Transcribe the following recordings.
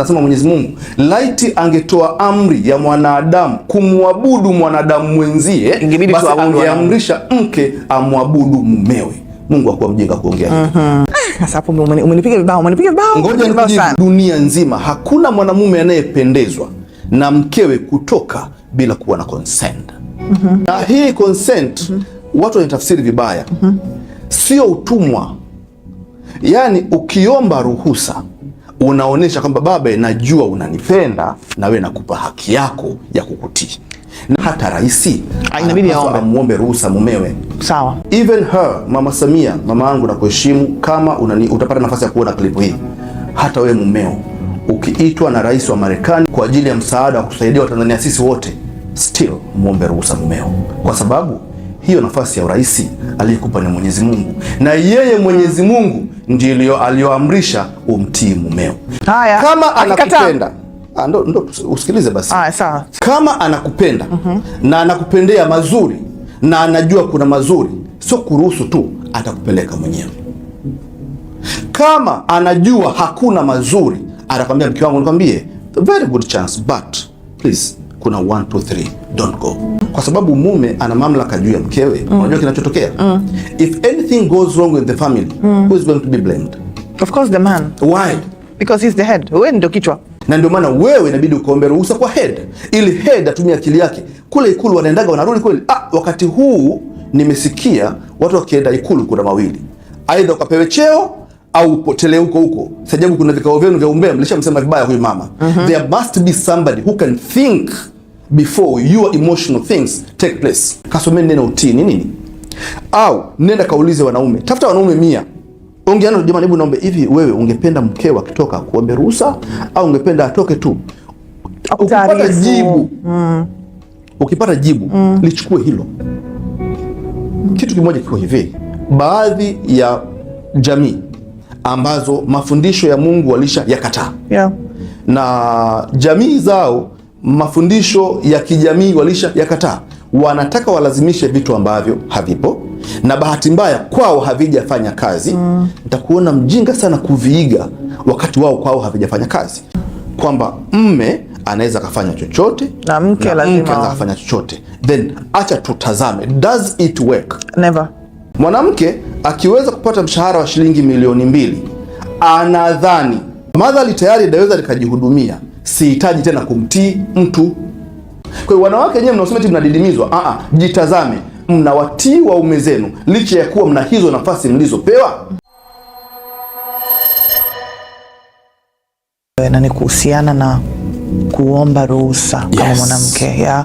anasema Mwenyezi Mungu, laiti angetoa amri ya mwanadamu kumwabudu mwanadamu mwenzie, basi angeamrisha mke amwabudu mumewe. Mungu akuwa mjinga kuongea uh -huh. Umenipiga vibao, umenipiga vibao. Ngoja nikujibu, dunia nzima hakuna mwanamume anayependezwa na mkewe kutoka bila kuwa na consent. mm -hmm. Na hii consent mm -hmm. watu wanatafsiri vibaya mm -hmm. Sio utumwa, yaani ukiomba ruhusa unaonyesha kwamba baba, najua unanipenda na wewe nakupa haki yako ya kukutii. Na hata rais ah, inabidi aombe, muombe ruhusa mumewe. Sawa, even her mama Samia, mama yangu nakuheshimu, kama unani, utapata nafasi ya kuona klipu hii, hata wewe mumeo ukiitwa na rais wa Marekani kwa ajili ya msaada wa kusaidia Watanzania sisi wote, still muombe ruhusa mumeo, kwa sababu hiyo nafasi ya urais aliyekupa ni Mwenyezi Mungu, na yeye Mwenyezi Mungu ndilo aliyoamrisha umtii mumeo. Haya, kama anakupenda ah, ndo, ndo usikilize basi. Haya, sawa. Kama anakupenda mm -hmm. na anakupendea mazuri na anajua kuna mazuri, sio kuruhusu tu, atakupeleka mwenyewe. Kama anajua hakuna mazuri, atakwambia mke wangu, nikwambie, very good chance but please kuna 1 2 3 don't go kwa sababu mume ana mamlaka juu ya mkewe. Mm. Unajua mm. kinachotokea mm. if anything goes wrong with the family mm. who is going to be blamed? Of course the man. Why? Because he's the head. Wewe ndio kichwa na ndio maana wewe inabidi ukaombe ruhusa kwa head, ili head atumie akili yake. Kule Ikulu wanaendaga wanarudi kweli. Ah, wakati huu nimesikia watu wakienda Ikulu kuna mawili, aidha ukapewe cheo au upotelee huko huko. Sajabu kuna vikao vyenu vya umbea, mlishamsema vibaya huyu mama. mm -hmm. There must be somebody who can think before your emotional things take place. Kasomeni neno utii ni nini? Au nenda kaulize wanaume, tafuta wanaume mia ungeana, jamani, hebu naombe hivi, wewe ungependa mkeo akitoka kuombe ruhusa au ungependa atoke tu? Ukipata jibu, mm. ukipata jibu mm. lichukue hilo. Kitu kimoja kiko hivi, baadhi ya jamii ambazo mafundisho ya Mungu walisha yakataa yeah. na jamii zao mafundisho ya kijamii walisha yakataa, wanataka walazimishe vitu ambavyo havipo na bahati mbaya kwao havijafanya kazi. Mm. Nitakuona mm. mjinga sana kuviiga wakati wao kwao havijafanya kazi, kwamba mme anaweza akafanya chochote na mke anaweza akafanya chochote. Then acha tutazame, does it work? Never. Mwanamke akiweza kupata mshahara wa shilingi milioni mbili anadhani madhali tayari inaweza likajihudumia sihitaji tena kumtii mtu. Kwa hiyo wanawake wenyewe mnaosema eti mnadidimizwa, a ah, a, ah, jitazame, mnawatii waume zenu licha ya kuwa mna hizo nafasi mlizopewa. Na ni kuhusiana na kuomba ruhusa yes. Kama mwanamke ya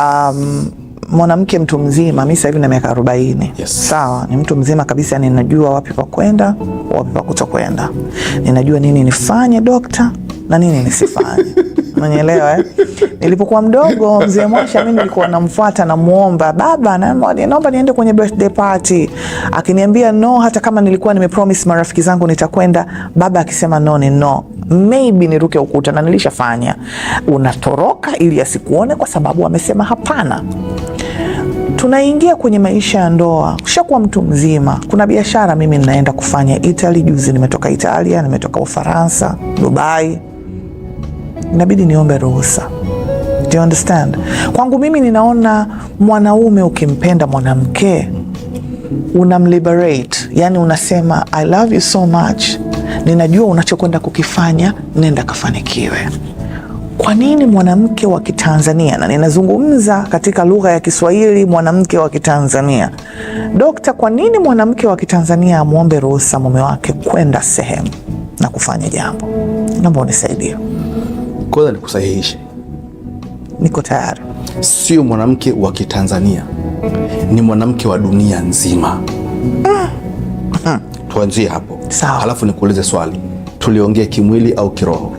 um, mwanamke mtu mzima, mi sasa hivi na miaka arobaini. Yes. Sawa, ni mtu mzima kabisa, ninajua wapi pa kwenda, wapi pa kutokwenda, ninajua nini nifanye dokta na nini nisifanye Unanielewa eh? Nilipokuwa mdogo mzee Mwasha mimi nilikuwa namfuata namuomba, baba, naomba niende kwenye birthday party. Akiniambia no, hata kama nilikuwa nimepromise marafiki zangu nitakwenda, baba akisema no ni no. Maybe niruke ukuta na nilishafanya. Unatoroka ili asikuone kwa sababu amesema hapana. Tunaingia kwenye maisha ya ndoa, ushakuwa mtu mzima. Kuna biashara mimi ninaenda kufanya Italy. Juzi nimetoka Italia, nimetoka Ufaransa, Dubai inabidi niombe ruhusa. Do you understand? Kwangu mimi ninaona mwanaume ukimpenda mwanamke unamliberate, yani unasema I love you so much, ninajua unachokwenda kukifanya, nenda kafanikiwe. Kwa nini mwanamke wa Kitanzania, na ninazungumza katika lugha ya Kiswahili, mwanamke wa Kitanzania, dokta, kwa nini mwanamke wa Kitanzania amwombe ruhusa mume wake kwenda sehemu na kufanya jambo? Naomba unisaidia kwanza nikusahihishe, niko tayari. Sio mwanamke wa Kitanzania, ni mwanamke wa dunia nzima. mm. mm. Tuanzie hapo sawa, halafu nikuulize swali, tuliongea kimwili au kiroho?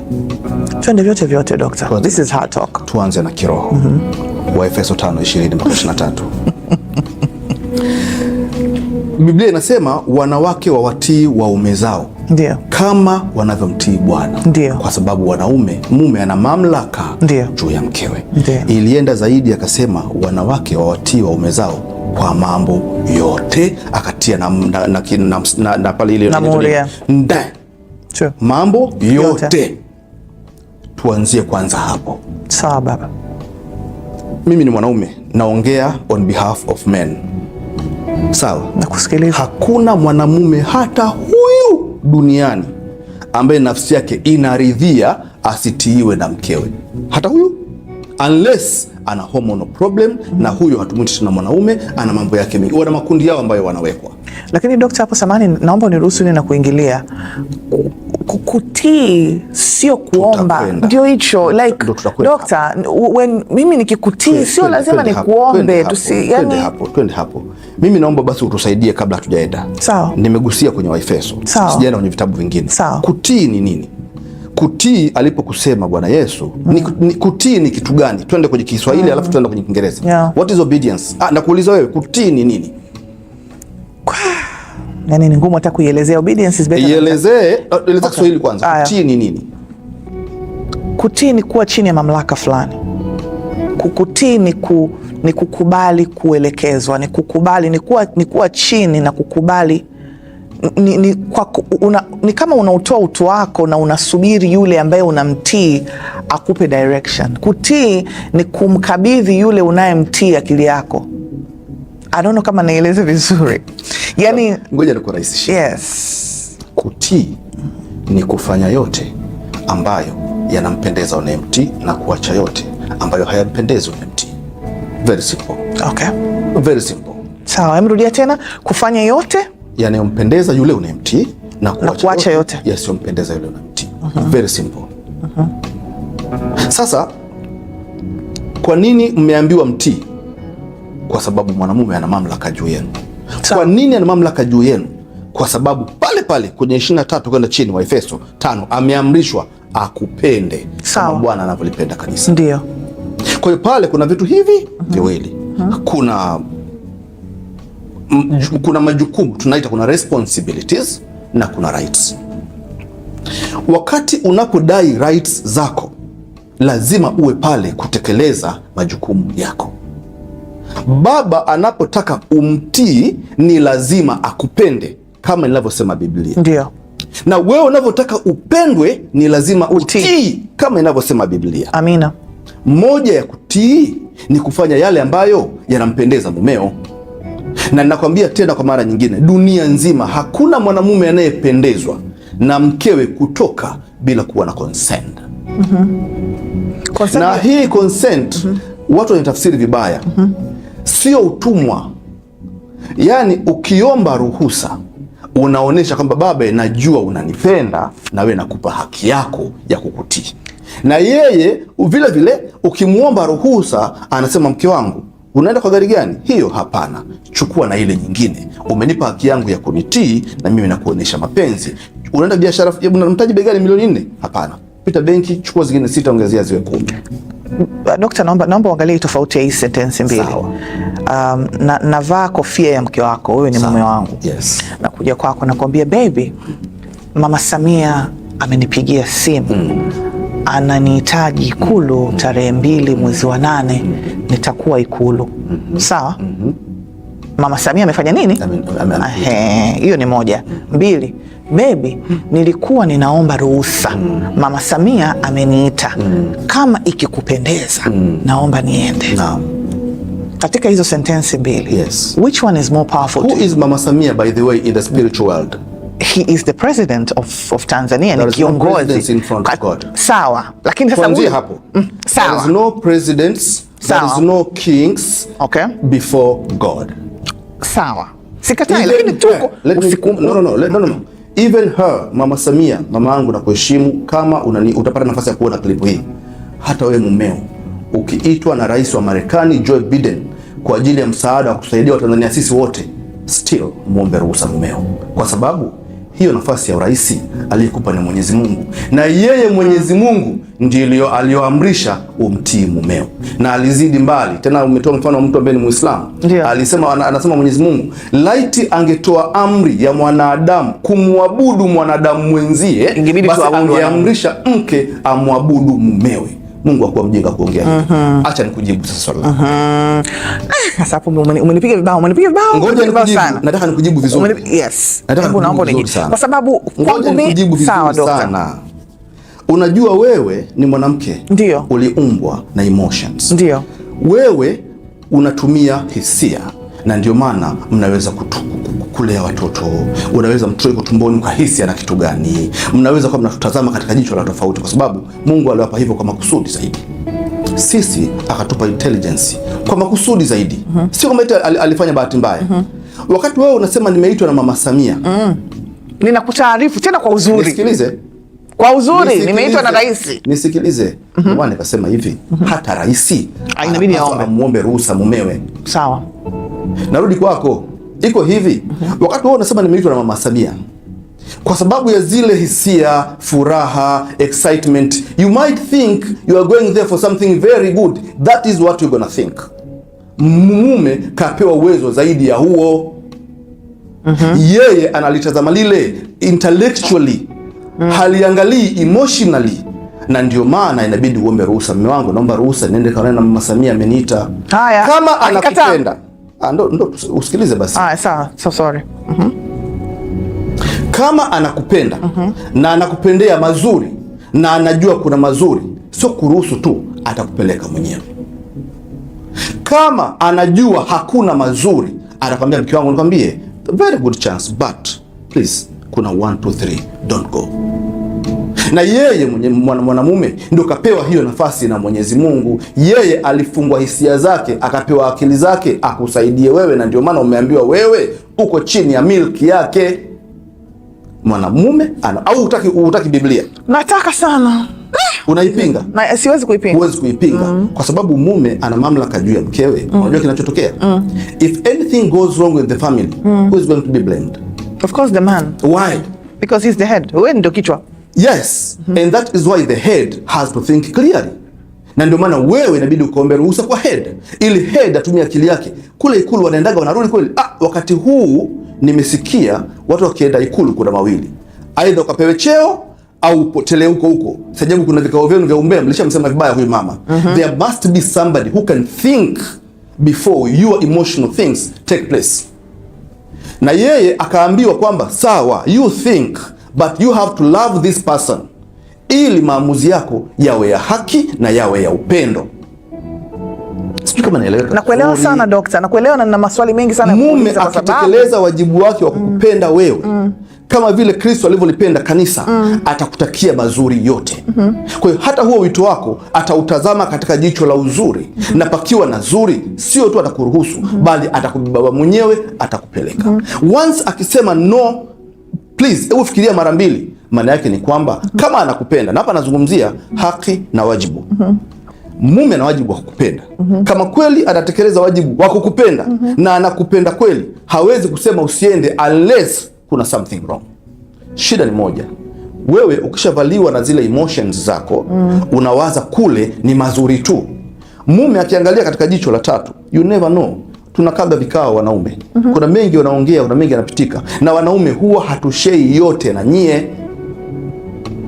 Tuende vyote vyote, doctor, this is hard talk. Tuanze na kiroho. mm -hmm. Waefeso 5:20 mpaka 23 Biblia inasema wanawake wawatii waume zao ndio kama wanavyomtii Bwana, kwa sababu wanaume, mume ana mamlaka juu ya mkewe. Ndiyo. Ilienda zaidi akasema wanawake wawatii waume zao kwa mambo yote, akatia na, na, na, na, na, na pale ile nda mambo yote, yote. Tuanzie kwanza hapo. Sawa baba, mimi ni mwanaume naongea on behalf of men sawa, nakusikiliza. Hakuna mwanamume hata huyu duniani ambaye nafsi yake inaridhia asitiiwe na mkewe, hata huyu unless ana hormonal problem mm -hmm. Na huyo hatumwiti tena mwanaume, ana mambo yake mengi, wana makundi yao ambayo wanawekwa. Lakini dokta, hapo samani, naomba uniruhusu ni na kuingilia kukutii sio kuomba, ndio hicho like dokta, mimi nikikutii sio lazima nikuombe. Twende hapo, twende hapo. Mimi naomba basi utusaidie kabla hatujaenda. Sawa, nimegusia kwenye Waefeso, sijaenda kwenye vitabu vingine. Kutii ni nini? Kutii alipokusema Bwana Yesu mm. ni, kutii ni kitu gani? Twende kwenye Kiswahili mm. alafu tuende kwenye Kiingereza yeah. What is obedience? Ah, nakuuliza wewe, kutii ni nini? yani ni ngumu hata kuielezea. Obedience is better. Ielezee, oh, eleza Kiswahili kwanza. Kutii ni nini? Kutii ni kuwa chini ya mamlaka fulani. Kukutii ni ku, ni kukubali kuelekezwa, ni kukubali, ni kuwa, ni kuwa chini na kukubali ni, ni, kwa, una, ni kama unautoa utu wako na unasubiri yule ambaye unamtii akupe direction. Kutii ni kumkabidhi yule unayemtii akili yako. I don't know kama naeleze vizuri yani, ngoja nikurahisishie. Yes. Kutii ni kufanya yote ambayo yanampendeza unayemtii na kuacha yote ambayo hayampendezi unayemtii. Very simple. Okay. Very simple. Sawa, emrudia tena, kufanya yote yanayompendeza yule unayemtii na kuacha yote, yasiyompendeza yule unayemtii. Mhm. Very simple. Mhm. Sasa kwa nini mmeambiwa mtii? Kwa sababu mwanamume ana mamlaka juu yenu. Kwa nini ana mamlaka juu yenu? Kwa sababu pale pale kwenye 23 kwenda chini wa Efeso 5 ameamrishwa akupende kama Bwana anavyolipenda kanisa. Ndio. Kwa hiyo pale kuna vitu hivi mhm. viwili, mhm. kuna kuna majukumu tunaita, kuna responsibilities na kuna rights. Wakati unapodai rights zako, lazima uwe pale kutekeleza majukumu yako. Baba anapotaka umtii ni lazima akupende kama inavyosema Biblia. Ndio. Na wewe unavyotaka upendwe ni lazima utii, uti, kama inavyosema Biblia. Amina. Moja ya kutii ni kufanya yale ambayo yanampendeza mumeo, na ninakwambia tena kwa mara nyingine, dunia nzima hakuna mwanamume anayependezwa na mkewe kutoka bila kuwa na consent. Mm -hmm. Consent na hii consent, mm -hmm. watu wanatafsiri vibaya. Mm -hmm sio utumwa. Yaani ukiomba ruhusa unaonyesha kwamba baba, najua unanipenda, nawe nakupa haki yako ya kukutii. Na yeye vile vile ukimwomba ruhusa anasema, mke wangu unaenda kwa gari gani hiyo? Hapana, chukua na ile nyingine. Umenipa haki yangu ya kunitii na mimi nakuonyesha mapenzi. Unaenda biashara, mtaji bei gani? Milioni nne? Hapana, pita benki, chukua zingine sita, ongezea ziwe kumi. Dokta, naomba naomba uangalie tofauti ya hii sentensi mbili. Um, na navaa kofia ya mke wako, wewe ni mume wangu. Yes. Nakuja kwako nakwambia, baby, Mama Samia amenipigia simu mm. ananihitaji Ikulu mm. tarehe mbili mwezi wa nane mm. nitakuwa Ikulu. mm Sawa. mm -hmm. Mama Samia amefanya nini? Hiyo ni moja. Mm. Mbili, Bebi, nilikuwa ninaomba ruhusa mm. Mama Samia ameniita mm. Kama ikikupendeza mm. naomba niende Katika hizo sentensi mbili yes. Which one is more powerful? Who is Mama Samia by the way in the spiritual world? He is the president of, of Tanzania ni kiongozi sawa, lakini sasa huyo hapo mm, sawa. There is no presidents, there is no kings okay. before God sawa, sikatai, lakini tuko no, no, no, no, no even her Mama Samia, mama yangu na kuheshimu kama unani, utapata nafasi ya kuona klipu hii, hata wewe mumeo ukiitwa na rais wa Marekani Joe Biden kwa ajili ya msaada wa kusaidia Watanzania sisi wote, still muombe ruhusa mumeo, kwa sababu hiyo nafasi ya urais aliyekupa ni Mwenyezi Mungu, na yeye Mwenyezi Mungu ndiyo aliyoamrisha umtii mumeo, na alizidi mbali tena. Umetoa mfano wa mtu ambaye ni Muislamu, alisema anasema Mwenyezi Mungu, laiti angetoa amri ya mwanadamu kumwabudu mwanadamu mwenzie, basi angeamrisha mke amwabudu mumewe. Mungu hakuwa mjinga kuongea. mm -hmm. Acha nikujibu sasa swali. mm -hmm. Ah, sasa hapo umenipiga vibao, umenipiga vibao. Ngoja nikujibu. Nataka nikujibu vizuri. Yes. Nataka naomba unijibu. Kwa sababu kwangu mimi sawa dokta. Unajua wewe ni mwanamke. Ndio. Uliumbwa na emotions. Ndio. Wewe unatumia hisia na ndio maana mnaweza kulea watoto, unaweza mtoe tumboni hisi ana kitu gani, mnaweza kuwa mnatutazama katika jicho la tofauti, kwa sababu Mungu aliwapa hivyo kwa makusudi zaidi. Sisi akatupa intelligence kwa makusudi zaidi, mhm. sio kama eti alifanya bahati mbaya mhm. Wakati wewe unasema nimeitwa na mama Samia mm. ninakutaarifu tena kwa uzuri, nisikilize kwa uzuri nimeitwa na rais, nisikilize mm Nikasema hivi mhm. hata rais ah, inabidi aombe ruhusa mumewe, sawa narudi kwako, iko hivi mhm. Wakati wao unasema nimeitwa na mama Samia kwa sababu ya zile hisia, furaha, excitement, you might think you are going there for something very good. That is what you gonna think. Mume kapewa uwezo zaidi ya huo mm -hmm. Yeye analitazama lile intellectually mm -hmm. Haliangalii emotionally na ndio maana inabidi uombe ruhusa. Mume wangu, naomba ruhusa niende kaonane na mama Samia, ameniita. Kama anakupenda Ah, ndo, ndo usikilize basi. Ah, sawa. So sorry. mm -hmm. Kama anakupenda mm -hmm. na anakupendea mazuri na anajua kuna mazuri, sio kuruhusu tu, atakupeleka mwenyewe. Kama anajua hakuna mazuri, atakwambia mke wangu, nikwambie, very good chance but please kuna 1 2 3 don't go na yeye mwenye mwanamume ndio kapewa hiyo nafasi na Mwenyezi Mungu. Yeye alifungwa hisia zake, akapewa akili zake akusaidie wewe, na ndio maana umeambiwa wewe uko chini ya milki yake mwanamume ana au utaki, utaki Biblia? Nataka sana. Unaipinga? Na siwezi kuipinga. Huwezi kuipinga mm. Kwa sababu mume ana mamlaka juu ya mkewe. Mm. Unajua mm. kinachotokea mm. if anything goes wrong with the family mm. who is going to be blamed? Of course the man. Why? Because he's the head. Wewe ndio kichwa. Yes, mm -hmm. And that is why the head has to think clearly, na ndio maana wewe inabidi ukaombe ruhusa kwa head ili head atumie akili yake. Kule Ikulu wanaendaga wanarudi kweli. Ah, wakati huu nimesikia watu wakienda Ikulu kuna mawili, aidha ukapewe cheo au upotelee huko huko. Sajabu kuna vikao vyenu vya umbea, mlishamsema vibaya huyu mama. mm -hmm. There must be somebody who can think before your emotional things take place, na yeye akaambiwa kwamba sawa, you think but you have to love this person, ili maamuzi yako yawe ya haki na yawe ya upendo. Sijui kama naeleweka. Nakuelewa sana dokta, nakuelewa na nina maswali mengi sana. Mume akitekeleza wajibu wake wa kukupenda mm. wewe mm. kama vile Kristo alivyolipenda kanisa mm. atakutakia mazuri yote mm -hmm. Kwa hiyo hata huo wito wako atautazama katika jicho la uzuri mm -hmm. na pakiwa na zuri, sio tu atakuruhusu mm -hmm. bali atakubeba mwenyewe, atakupeleka mm -hmm. Once akisema no please, hebu fikiria mara mbili. Maana yake ni kwamba kama anakupenda, na hapa anazungumzia haki na wajibu mume ana wajibu wa kukupenda. mm -hmm. Kama kweli anatekeleza wajibu wa kukupenda mm -hmm. na anakupenda kweli, hawezi kusema usiende unless kuna something wrong. Shida ni moja, wewe ukishavaliwa na zile emotions zako mm -hmm. unawaza kule ni mazuri tu. Mume akiangalia katika jicho la tatu, you never know tunakaga vikao wanaume mm -hmm. Kuna mengi wanaongea, kuna mengi yanapitika, na wanaume huwa hatushei yote na nyie.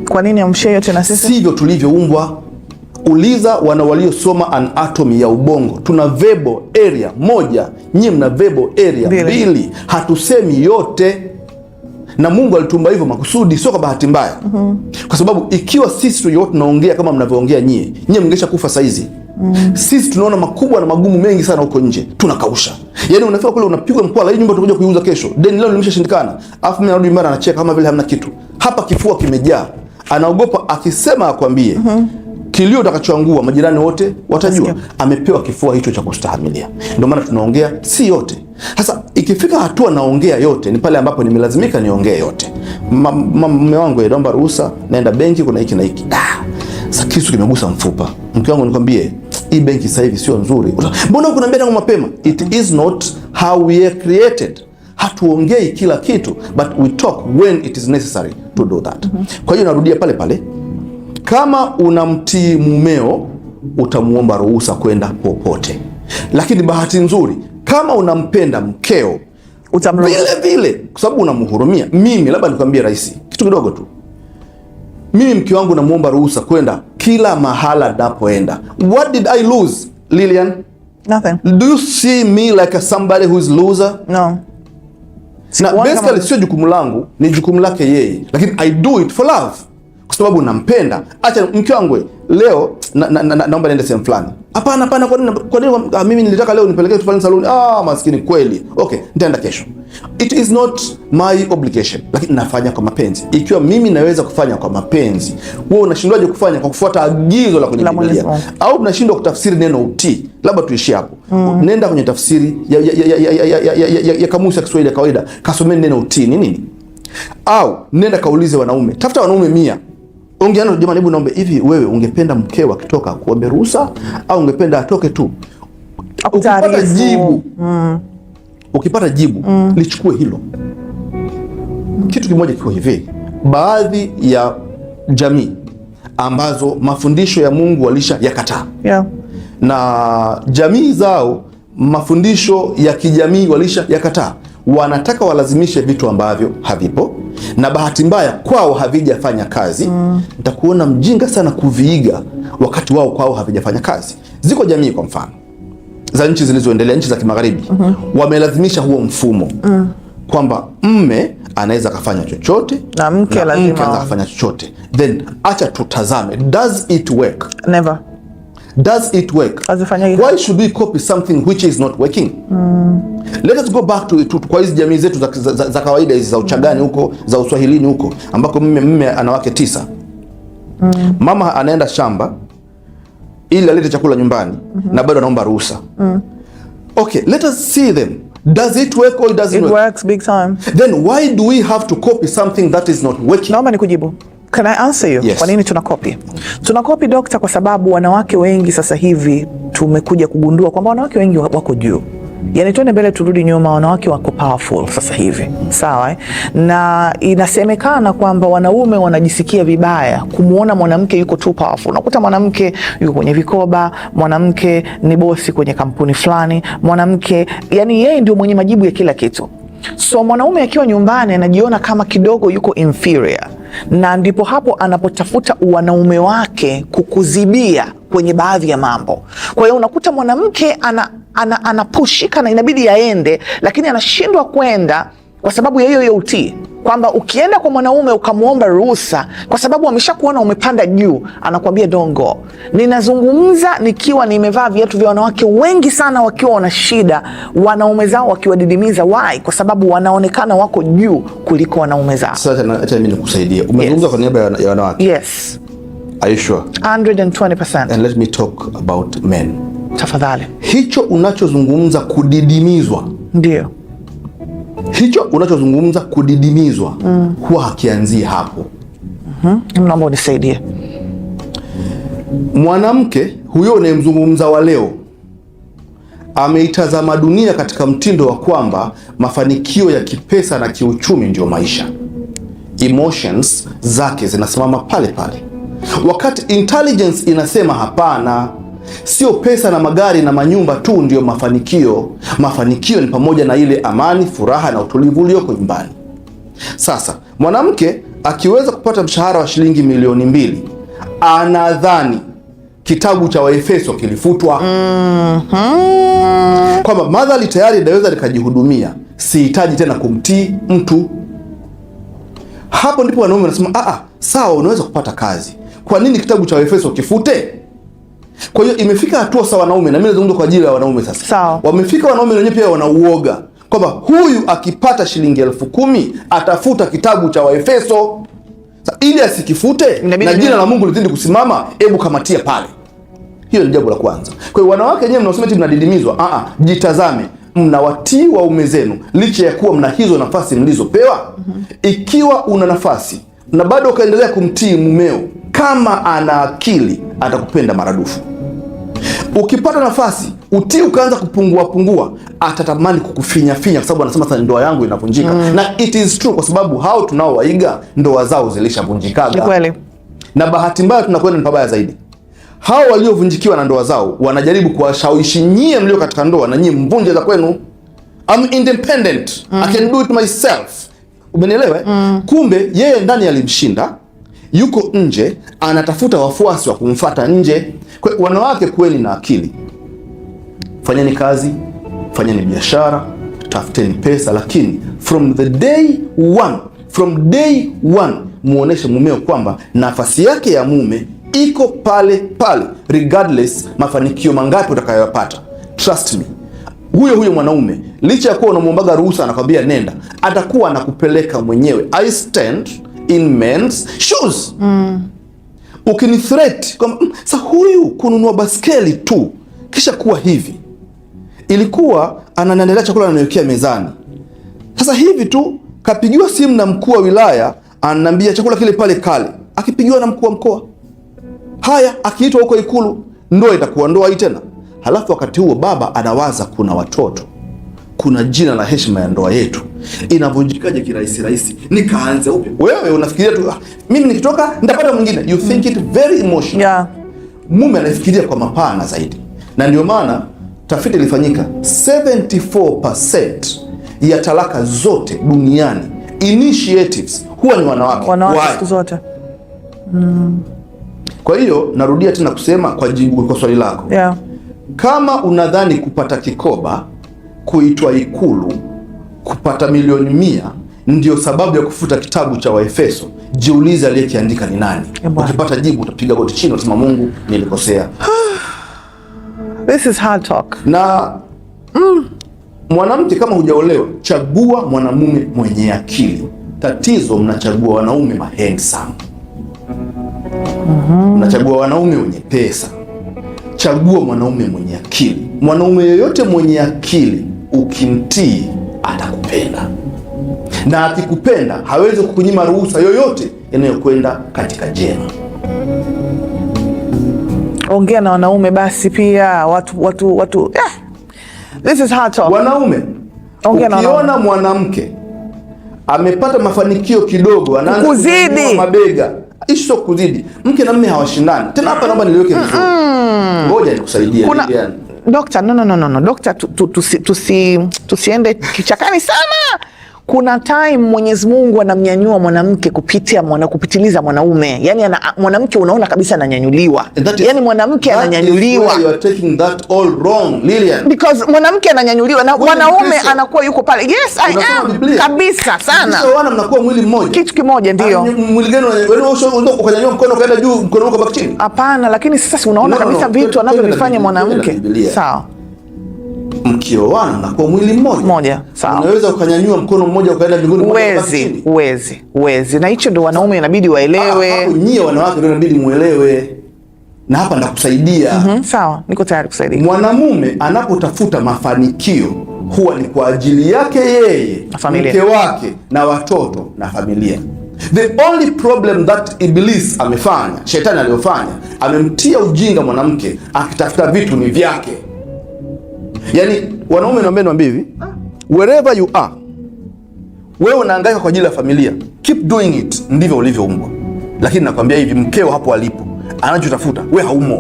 Kwa nini hamshei yote na sisi? Sivyo tulivyoumbwa. Uliza wana waliosoma anatomy ya ubongo, tuna vebo area moja, nyie mna verbal area mbili, hatusemi yote na Mungu alituumba hivyo makusudi, sio kwa bahati mbaya mm -hmm. Kwa sababu ikiwa sisi tu yote tunaongea kama mnavyoongea nyie, nyie mngesha kufa saizi. Mm -hmm. Sisi tunaona makubwa na magumu mengi sana huko nje, tunakausha. Yaani unafika kule unapigwa mkwala, la hii nyumba tunakuja kuiuza kesho, deni leo limeshashindikana, alafu mimi narudi nyumbani, anacheka kama vile hamna kitu. Hapa kifua kimejaa, anaogopa akisema akwambie. mm -hmm. Kilio utakachoangua majirani wote watajua amepewa kifua hicho cha kustahimilia. Ndio maana tunaongea, si yote sasa ikifika hatua naongea yote ni pale ambapo nimelazimika niongee yote. Mume wangu naomba ruhusa, naenda benki, kuna hiki na hiki. Ah, sasa kisu kimegusa mfupa. Mke wangu nikwambie, hii benki sasa hivi sio nzuri. Mbona ukuniambia tangu mapema? It is not how we are created. Hatuongei kila kitu, but we talk when it is necessary to do that. Kwa hiyo narudia pale pale, kama unamtii mumeo, utamuomba ruhusa kwenda popote. Lakini bahati nzuri kama unampenda mkeo vile vile, kwa sababu unamhurumia. Mimi labda nikwambie rahisi kitu kidogo tu, mimi mke wangu namuomba ruhusa kwenda kila mahala napoenda. What did I lose Lilian? Nothing. Do you see me like a somebody who is loser? No. Na basically sio jukumu langu, ni jukumu lake yeye, lakini I do it for love sababu nampenda, acha mke wangu leo na, na, na, naomba niende sehemu fulani. Hapana, hapana, kwa nini? Kwa nini? Ah, mimi nilitaka leo nipelekee tufanye saluni. Ah, maskini kweli. Okay, nitaenda kesho. It is not my obligation, lakini nafanya kwa mapenzi. Ikiwa mimi naweza kufanya kwa mapenzi, wewe unashindwaje kufanya kwa kufuata agizo la kwenye Biblia? Au unashindwa kutafsiri neno utii? Labda tuishie hapo. Mm. Nenda kwenye tafsiri ya ya ya ya, ya, ya, ya, ya, ya kamusi ya Kiswahili ya kawaida, kasomeni neno utii ni nini? Au nenda kaulize wanaume, tafuta wanaume mia ungeano jamani, hebu naombe hivi, wewe ungependa mkeo akitoka kuombe ruhusa au ungependa atoke tu? Ukipata jibu, mm. ukipata jibu mm. lichukue hilo mm. kitu kimoja kiko hivi, baadhi ya jamii ambazo mafundisho ya Mungu walisha yakataa yeah. na jamii zao mafundisho ya kijamii walisha yakataa wanataka walazimishe vitu ambavyo havipo na bahati mbaya kwao havijafanya kazi. Mm. Nitakuona mm. mjinga sana kuviiga wakati wao kwao havijafanya kazi. Ziko jamii kwa mfano za nchi zilizoendelea, nchi za kimagharibi mm -hmm. wamelazimisha huo mfumo mm. kwamba mme anaweza kafanya chochote na mke anaweza kafanya chochote, then acha tutazame, does it work? Never. Does it work? Why should we copy something which is not working? Mm. Let us go back to, to, kwa hizi jamii zetu za, za, za kawaida hizi za uchagani huko za uswahilini huko ambako mme mme anawake tisa. Mm. Mama anaenda shamba ili alete chakula nyumbani mm -hmm. na bado anaomba ruhusa. Mm. Okay, let us see them. Does it work or it doesn't it work? It works big time. Then why do we have to copy something that is not working? Naomba nikujibu. Can I answer you? Yes. Kwa nini tunakopi? Tunakopi dokta, kwa sababu wanawake wengi sasa hivi tumekuja kugundua kwamba wanawake wengi wako juu Yani, tuende mbele turudi nyuma, wanawake wako powerful sasa hivi, sawa eh? Na inasemekana kwamba wanaume wanajisikia vibaya kumwona mwanamke yuko too powerful. Unakuta mwanamke yuko kwenye vikoba, mwanamke ni bosi kwenye kampuni fulani, mwanamke yani yeye ndio mwenye majibu ya kila kitu. So mwanaume akiwa nyumbani anajiona kama kidogo yuko inferior na ndipo hapo anapotafuta wanaume wake kukuzibia kwenye baadhi ya mambo. Kwa hiyo unakuta mwanamke ana, ana, anapushika na inabidi aende, lakini anashindwa kwenda kwa sababu ya hiyo hiyo utii kwamba ukienda kwa mwanaume ukamwomba ruhusa kwa sababu ameshakuona umepanda juu, anakuambia dongo. Ninazungumza nikiwa nimevaa viatu vya wanawake wengi sana, wakiwa wana shida, wanaume zao wakiwadidimiza. Why? Kwa sababu wanaonekana wako juu kuliko wanaume zao. Sasa acha mimi nikusaidie. Umezungumza kwa niaba ya wanawake? Yes. Are you sure? 120%. And let me talk about men. Tafadhali. Hicho unachozungumza kudidimizwa, ndio hicho unachozungumza kudidimizwa, mm. huwa hakianzii hapo. mm -hmm. Naomba unisaidie. Mwanamke huyo unayemzungumza wa leo ameitazama dunia katika mtindo wa kwamba mafanikio ya kipesa na kiuchumi ndiyo maisha. Emotions zake zinasimama pale pale, wakati intelligence inasema hapana, Sio pesa na magari na manyumba tu ndiyo mafanikio. Mafanikio ni pamoja na ile amani, furaha na utulivu ulioko nyumbani. Sasa mwanamke akiweza kupata mshahara wa shilingi milioni mbili anadhani kitabu cha Waefeso kilifutwa, mm -hmm. kwamba madhali tayari inaweza likajihudumia, sihitaji tena kumtii mtu. Hapo ndipo wanaume wanasema, ah, ah, sawa, unaweza kupata kazi, kwa nini kitabu cha Waefeso kifute? Kwa hiyo imefika hatua sasa, wanaume na mimi nazungumza kwa ajili ya wanaume sasa. Sawa. Wamefika wanaume wenyewe pia wanauoga kwamba huyu akipata shilingi elfu kumi atafuta kitabu cha Waefeso ili asikifute na jina la Mungu lizidi kusimama, hebu kamatia pale. Hiyo ni jambo la kwanza. Kwa hiyo wanawake wenyewe mnaosema eti mnadidimizwa, a, ah, ah, jitazame, mnawatii waume zenu licha ya kuwa mna hizo nafasi mlizopewa. mm -hmm. Ikiwa una nafasi na bado ukaendelea kumtii mumeo kama ana akili atakupenda maradufu. Ukipata nafasi utii ukaanza kupungua pungua, atatamani kukufinya finya, kwa sababu anasema sasa ndoa yangu inavunjika. Mm. Na it is true, kwa sababu hao tunaowaiga ndoa zao zilishavunjikaga. Kweli. Na bahati mbaya tunakwenda ni pabaya zaidi. Hao waliovunjikiwa na ndoa zao wanajaribu kuwashawishi nyie mlio katika ndoa, na nyie mvunje za kwenu. I'm independent. Mm. I can do it myself. Umenielewa? Eh? Mm. Kumbe yeye ndani alimshinda yuko nje anatafuta wafuasi wa kumfata nje. Kwa wanawake kweli na akili, fanyeni kazi, fanyeni biashara, tafuteni pesa, lakini from the day one, from day one muoneshe mumeo kwamba nafasi yake ya mume iko pale pale, regardless mafanikio mangapi utakayoyapata. Trust me, huyo huyo mwanaume licha ya kuwa unamwombaga ruhusa, anakwambia nenda, atakuwa anakupeleka mwenyewe. I stand in men's shoes mm. Ukini threat kwa mm, sa huyu kununua baskeli tu kisha kuwa hivi, ilikuwa ananiandalia chakula ananiwekea mezani. Sasa hivi tu kapigiwa simu na mkuu wa wilaya ananiambia chakula kile pale kale, akipigiwa na mkuu wa mkoa, haya akiitwa huko Ikulu, ndoa itakuwa ndoa hii tena. Halafu wakati huo baba anawaza kuna watoto kuna jina la heshima ya ndoa yetu inavunjikaje kirahisi rahisi, nikaanze upya. Wewe unafikiria tu ah, mimi nikitoka nitapata mwingine, you think it very emotional yeah. Mume anafikiria kwa mapana zaidi, na ndio maana tafiti ilifanyika 74% ya talaka zote duniani initiatives huwa ni wanawake, wanawake siku zote mm. Kwa hiyo narudia tena kusema kwa jibu kwa swali lako yeah. Kama unadhani kupata kikoba kuitwa Ikulu, kupata milioni mia ndio sababu ya kufuta kitabu cha Waefeso. Jiulize aliyekiandika ni nani. Ukipata jibu utapiga goti chini, utasema Mungu, nilikosea. This is hard talk. Na mm, mwanamke kama hujaolewa, chagua mwanamume mwenye akili. Tatizo mnachagua wanaume ma Mm -hmm. Mnachagua wanaume wenye pesa. Chagua mwanaume mwenye akili. Mwanaume yoyote mwenye akili ukimtii atakupenda, na akikupenda hawezi kukunyima ruhusa yoyote inayokwenda katika jema. Ongea na wanaume basi, pia watu watu watu, Yeah. this is hard talk. Wanaume, ukiona mwanamke amepata mafanikio kidogo, anaanza kuzidi mabega isho kuzidi. Mke na mme hawashindani tena. Hapa naomba niliweke vizuri, ngoja nikusaidie. Dokta, no, no, no, no. Dokta, tusiende kichakani sana kuna time Mwenyezi Mungu anamnyanyua mwanamke kupitia mwana kupitiliza mwanaume, yani ana, mwanamke unaona kabisa ananyanyuliwa, yani mwanamke ananyanyuliwa because mwanamke ananyanyuliwa na mwanaume anakuwa yuko pale. Yes, I am kabisa sana, mnakuwa mwili mmoja, kitu kimoja, ndio hapana. Lakini sasa unaona kabisa vitu anavyovifanya mwanamke, sawa mkioana kwa mwili mmoja mmoja, sawa. Unaweza ukanyanyua mkono mmoja ukaenda mbinguni, uwezi uwezi uwezi. Na hicho ndio wanaume inabidi waelewe, ah, hapo nyie wanawake ndio inabidi muelewe, na hapa ndakusaidia. mm -hmm. Sawa, niko tayari kusaidia. Mwanamume anapotafuta mafanikio huwa ni kwa ajili yake yeye, mke wake na watoto na familia. The only problem that Iblis amefanya, shetani aliyofanya, amemtia ujinga mwanamke, akitafuta vitu ni vyake Yaani wanaume naomba niwaambie hivi, ah. wherever you are, wewe unahangaika kwa ajili ya familia, keep doing it, ndivyo ulivyoumbwa. Lakini nakwambia hivi, mkeo hapo alipo anachotafuta we haumo,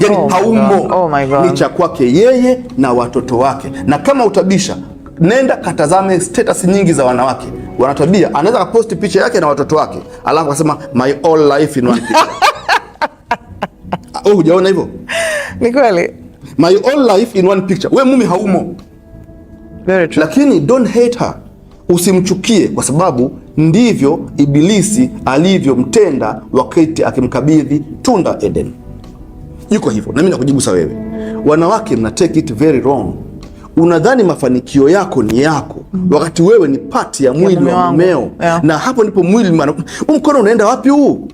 yani oh haumo, oh ni cha kwake yeye na watoto wake. Na kama utabisha, nenda katazame status nyingi za wanawake wanatabia, anaweza kaposti picha yake na watoto wake, alafu akasema my all life in one picture. Ah, hujaona hivyo? Ni kweli my own life in one picture. We mume haumo. Very true. Lakini don't hate her, usimchukie kwa sababu ndivyo Ibilisi alivyomtenda wakati akimkabidhi tunda Eden. Yuko hivyo, na nakujibu nakujibusa wewe. Wanawake mna take it very wrong. Unadhani mafanikio yako ni yako mm -hmm. Wakati wewe ni pati ya mwili wa mumeo yeah. Na hapo ndipo mwili mkono unaenda wapi huu?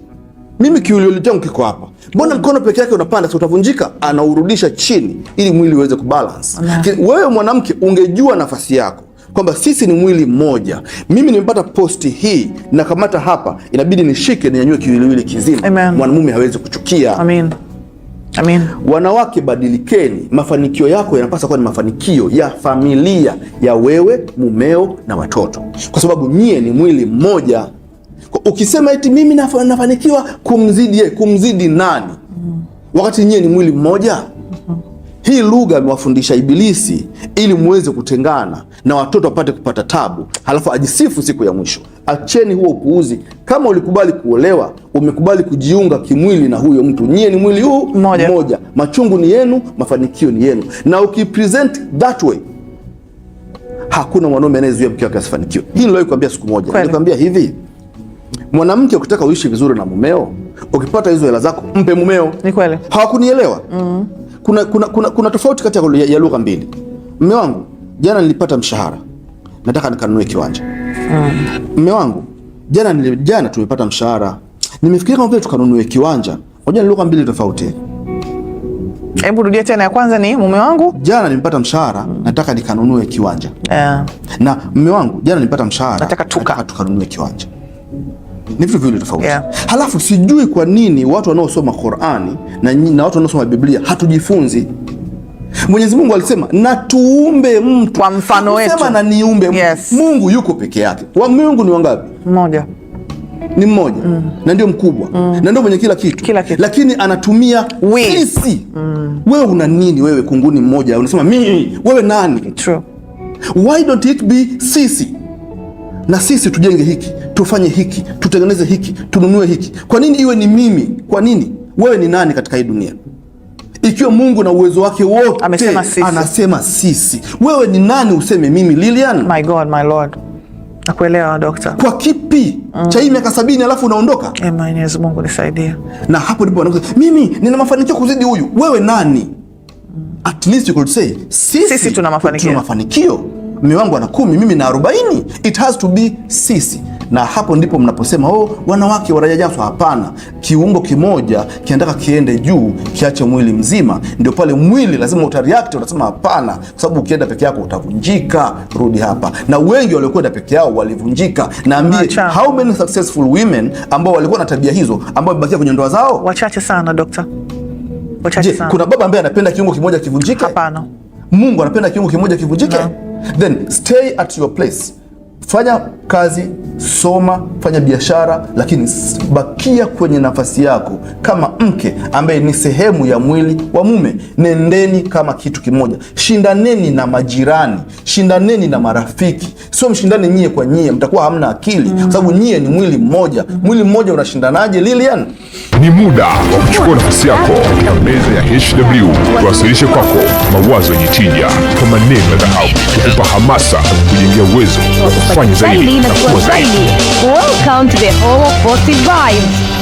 Mimi kiulioli changu kiko hapa, mbona mm. mkono peke yake unapanda? Si utavunjika? Anaurudisha chini ili mwili uweze kubalance. Mm. Wewe mwanamke ungejua nafasi yako kwamba sisi ni mwili mmoja. Mimi nimepata posti hii nakamata hapa, inabidi nishike, ninyanyue kiwiliwili kizima. Mwanamume hawezi kuchukia. Amen. Amen. Wanawake badilikeni, mafanikio yako yanapaswa kuwa ni mafanikio ya familia ya wewe, mumeo na watoto, kwa sababu nyie ni mwili mmoja. Ukisema eti mimi nafanikiwa kumzidi ye, kumzidi nani? mm. wakati nyie ni mwili mmoja mm -hmm. Hii lugha amewafundisha Ibilisi ili muweze kutengana na watoto wapate kupata tabu, halafu ajisifu siku ya mwisho. Acheni huo upuuzi. Kama ulikubali kuolewa, umekubali kujiunga kimwili na huyo mtu, nyie ni mwili huu mmoja, mmoja. Machungu ni yenu, mafanikio ni yenu, na ukipresent that way hakuna mwanaume anayezuia mke wake asifanikiwe. Hii niliwahi kuambia siku moja, nilikwambia hivi mwanamke ukitaka uishi vizuri na mumeo, ukipata hizo hela zako mpe mumeo. Ni kweli hawakunielewa. mm Kuna, kuna, kuna, kuna tofauti kati ya, lugha mbili. Mme wangu jana nilipata mshahara, nataka nikanunue kiwanja. Mm. Mme wangu jana, jana tumepata mshahara, nimefikiria kama vile tukanunue kiwanja. Unajua ni lugha mbili tofauti. Hebu rudia tena, ya kwanza ni mume wangu jana nimepata mshahara, nataka nikanunue kiwanja yeah. na mme wangu jana nilipata mshahara, nataka tukanunue kiwanja ni vitu viwili tofauti yeah. Halafu sijui kwa nini watu wanaosoma Qur'ani na, na watu wanaosoma Biblia hatujifunzi. Mwenyezi Mungu alisema na tuumbe mtu kwa mfano wetu, sema na niumbe mtu yes. Mungu yuko peke yake. Wa Mungu ni wangapi? Mmoja ni mmoja mm. na ndio mkubwa mm. na ndio mwenye kila kitu, kila kitu, lakini anatumia sisi mm. Wewe una nini wewe, kunguni mmoja unasema mimi, wewe nani? True. Why don't it be sisi na sisi tujenge hiki tufanye hiki, tutengeneze hiki, tununue hiki. Kwa nini iwe ni mimi? Kwa nini wewe? Ni nani katika hii dunia? Ikiwa Mungu na uwezo wake wote anasema sisi, anasema sisi, wewe ni nani useme mimi Lilian? My God, my Lord. Nakuelewa dokta. Kwa kipi mm, cha hii miaka sabini alafu unaondoka? Mwenyezi Mungu nisaidie. Na hapo ndipo wanakuza mimi nina mafanikio kuzidi huyu. Wewe nani? At least you could say sisi, sisi tuna mafanikio, tuna mafanikio mume wangu ana kumi, mimi na arobaini. It has to be sisi, na hapo ndipo mnaposema oh, wanawake wananyanyaswa. Hapana, kiungo kimoja kinataka kiende juu kiache mwili mzima, ndio pale mwili lazima utareact, unasema hapana, kwa sababu ukienda peke yako utavunjika. Rudi hapa, na wengi waliokwenda peke yao walivunjika. Naambie, how many successful women ambao walikuwa na tabia hizo ambao wamebakia kwenye ndoa zao? Wachache sana, dokta, wachache sana. kuna baba ambaye anapenda kiungo kimoja kivunjike? Hapana. Mungu anapenda kiungo kimoja kivunjike? no. Then stay at your place Fanya kazi, soma, fanya biashara, lakini bakia kwenye nafasi yako kama mke ambaye ni sehemu ya mwili wa mume. Nendeni kama kitu kimoja, shindaneni na majirani, shindaneni na marafiki, sio mshindane nyie kwa nyie, mtakuwa hamna akili kwa mm. sababu nyie ni mwili mmoja. Mwili mmoja unashindanaje? Lilian, ni muda wa kuchukua nafasi yako katika meza ya HW, tuwasilishe kwako mawazo yenye tija kwa maneno ya dhahabu, kukupa hamasa, kujengea uwezo kufanya zaidi na kuwa zaidi. Welcome to the Hall of Positive Vibes.